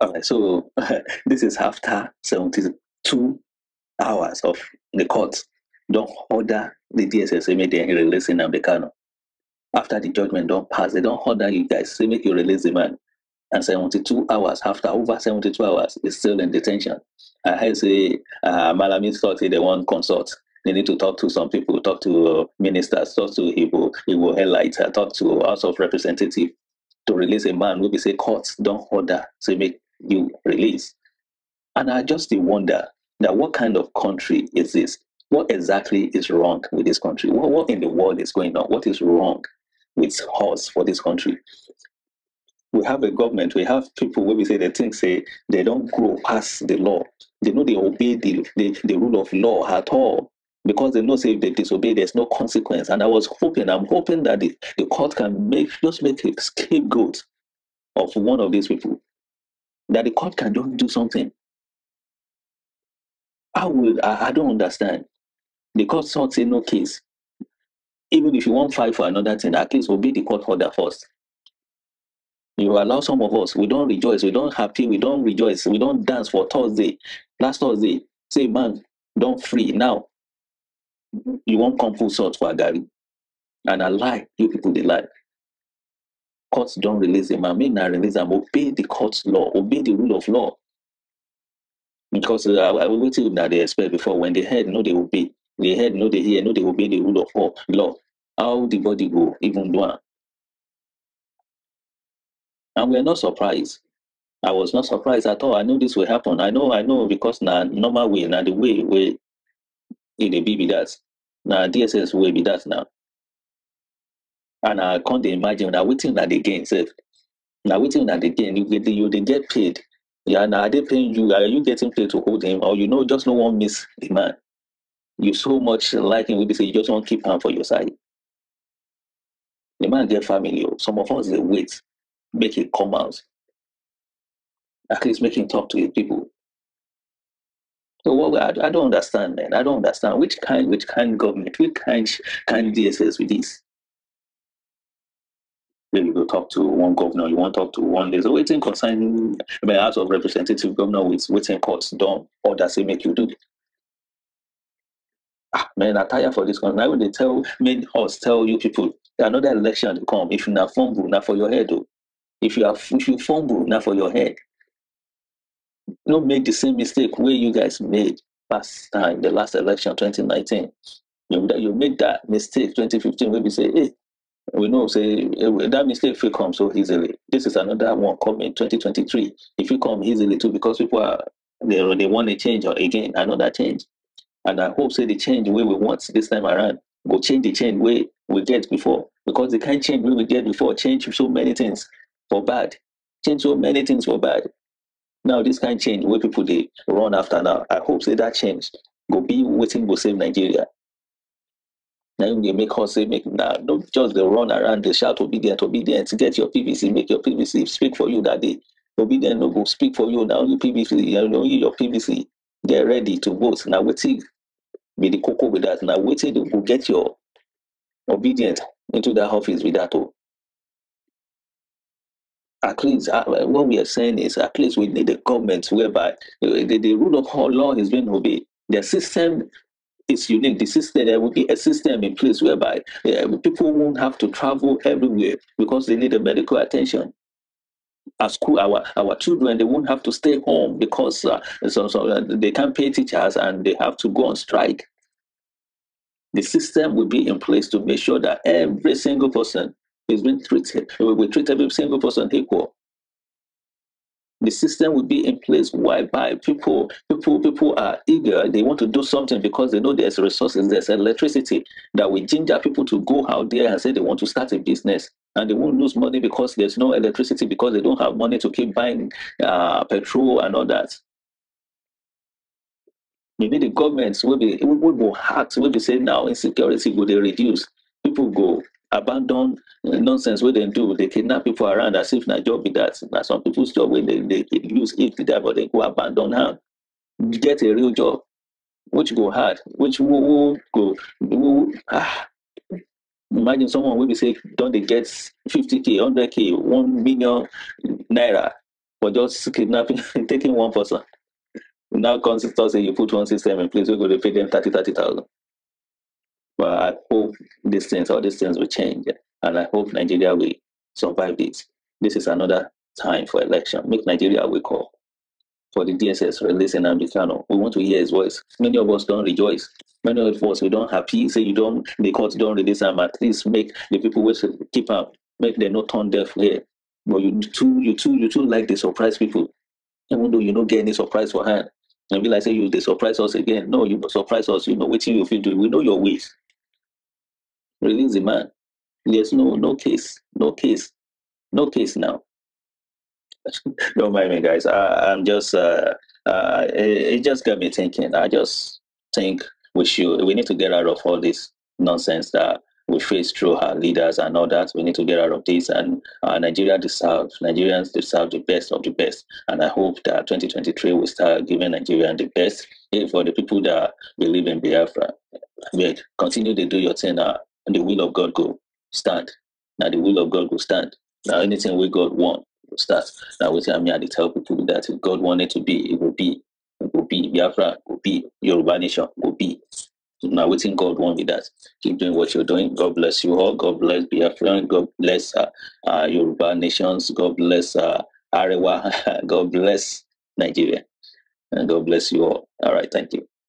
All right, so this is after 72 hours of the court. Don't order the DSS immediately releasing Nambekano. After the judgment don't pass, they don't order you guys, they make you release the man. And 72 hours after, over 72 hours, he's still in detention. I say uh, Malami thought they want consult. They need to talk to some people, talk to ministers, talk to Igbo, will highlight, talk to House of Representatives to release a man will be say courts don't order. So make you release. And I just wonder that what kind of country is this? What exactly is wrong with this country? What, what in the world is going on? What is wrong with us for this country? We have a government, we have people where we say they think say they don't grow past the law. They know they obey the, the, the rule of law at all because they know say if they disobey, there's no consequence. And I was hoping, I'm hoping that the, the court can make just make a scapegoat of one of these people that the court can just do something. I will. I, I don't understand. The court sorts in no case. Even if you want fight for another thing, at least be the court order first. You allow some of us. We don't rejoice. We don't happy. We don't rejoice. We don't dance for Thursday. Last Thursday, say man, don't free now. You won't come full sort for Gary, And I lie. You people they lie. Courts don't release him. I mean, I release him. Obey the court's law. Obey the rule of law. Because I, uh, I will wait till that they expect before. When they heard, no, they obey. They heard, no, they hear, no, they obey the rule of law. law. How the body go, even one. And we are not surprised. I was not surprised at all. I knew this will happen. I know, I know, because now normal way, now the way way in the be that. Now DSS will be that now. And I can't imagine now waiting that they gain safe. Now waiting that they gain, you get you they get paid. Yeah, now are they paying you? Are you getting paid to hold him? Or you know, just no one miss the man. You so much like him, we say you just want to keep him for your side. The man get family. Oh. Some of us they wait, make it come out. At least make him talk to his people. So what I, I don't understand, man. I don't understand which kind, which kind government, which kind kind DSS with this you go talk to one governor, you want to talk to one. There's a waiting concern. I mean, House of Representative governor with waiting courts done order say make you do. Ah, man, I tire for this. Now when they tell made us tell you people another election to come. If you not fumble, not for your head. Though. If you are if you fumble, not for your head. Don't make the same mistake where you guys made last time, the last election, 2019. You, you made that mistake 2015 where we say, hey, we know say eh, that mistake if come so easily. This is another one coming 2023. If you come easily too, because people are they, they want a change or again another change. And I hope say the change way we want this time around go change the change way we get before. Because the kind change we get before change so many things for bad. Change so many things for bad. Now this kind change where people they run after now. I hope say that change go be waiting go save Nigeria. Now they make us say make now don't just they run around, they shout obedient, obedient, get your PVC, make your PVC speak for you that day. Obedient no go speak for you now. your PVC, only your PVC. Get ready to vote. Now waiting be the cocoa with that. Now waiting to go get your obedient into that office with that. Oh. At least uh, uh what we are saying is at least we need a government whereby uh, the, the rule of law is being obeyed. The system is unique. The system there uh, will be a system in place whereby uh, people won't have to travel everywhere because they need a medical attention. At school, our our children they won't have to stay home because uh, so, so uh, they can't pay teachers and they have to go on strike. The system will be in place to make sure that every single person is being treated. We treat every single person equal the system will be in place whereby people people people are eager they want to do something because they know there's resources there's electricity that will ginger people to go out there and say they want to start a business and they won't lose money because there's no electricity because they don't have money to keep buying uh, petrol and all that Maybe the governments will be will, be hacked will be saying now insecurity will they reduce people go abandon uh, nonsense What they do They kidnap people around as if na job be that na some people's job they, they they use it to that, but they go abandon her. get a real job which go hard which will go ah imagine someone will be say don't they get 50k 100k 1 million naira for just kidnapping taking one person now consistency, say you put one system in place wey go to pay them 30 30000 but I hope these things or these things will change. And I hope Nigeria will survive this. This is another time for election. Make Nigeria wake up for the DSS releasing Ambikano. We want to hear his voice. Many of us don't rejoice. Many of us we don't happy. Say you don't the court don't release him. At least make the people wait keep up. Make them not turn deaf ear. But you too, you too, you too like the surprise people. Even though you don't get any surprise for hand. And be like say you they surprise us again. No, you surprise us, you know, waiting you feel do. We know your ways. Release the man. There's no no case, no case, no case now. Don't mind me, guys. I, am just uh, uh, it, it just got me thinking. I just think we should we need to get out of all this nonsense that we face through our leaders and all that. We need to get out of this, and uh, Nigeria deserves Nigerians deserve the best of the best. And I hope that 2023 will start giving Nigerians the best. for the people that believe in Biafra, wait, continue to do your thing. Uh, and the will of God go stand. Now the will of God go stand. Now anything we God want will start. Now we say I'm here to tell people that if God wanted to be, it will be. It will be Biafra, will be Yoruba nation, will be. Now we think God want with that. Keep doing what you're doing. God bless you all. God bless Biafra. God bless uh, uh, Yoruba nations. God bless uh, Arewa. God bless Nigeria. And God bless you all. All right, thank you.